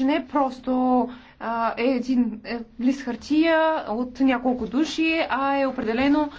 че не просто е един е, лист хартия от няколко души, а е определено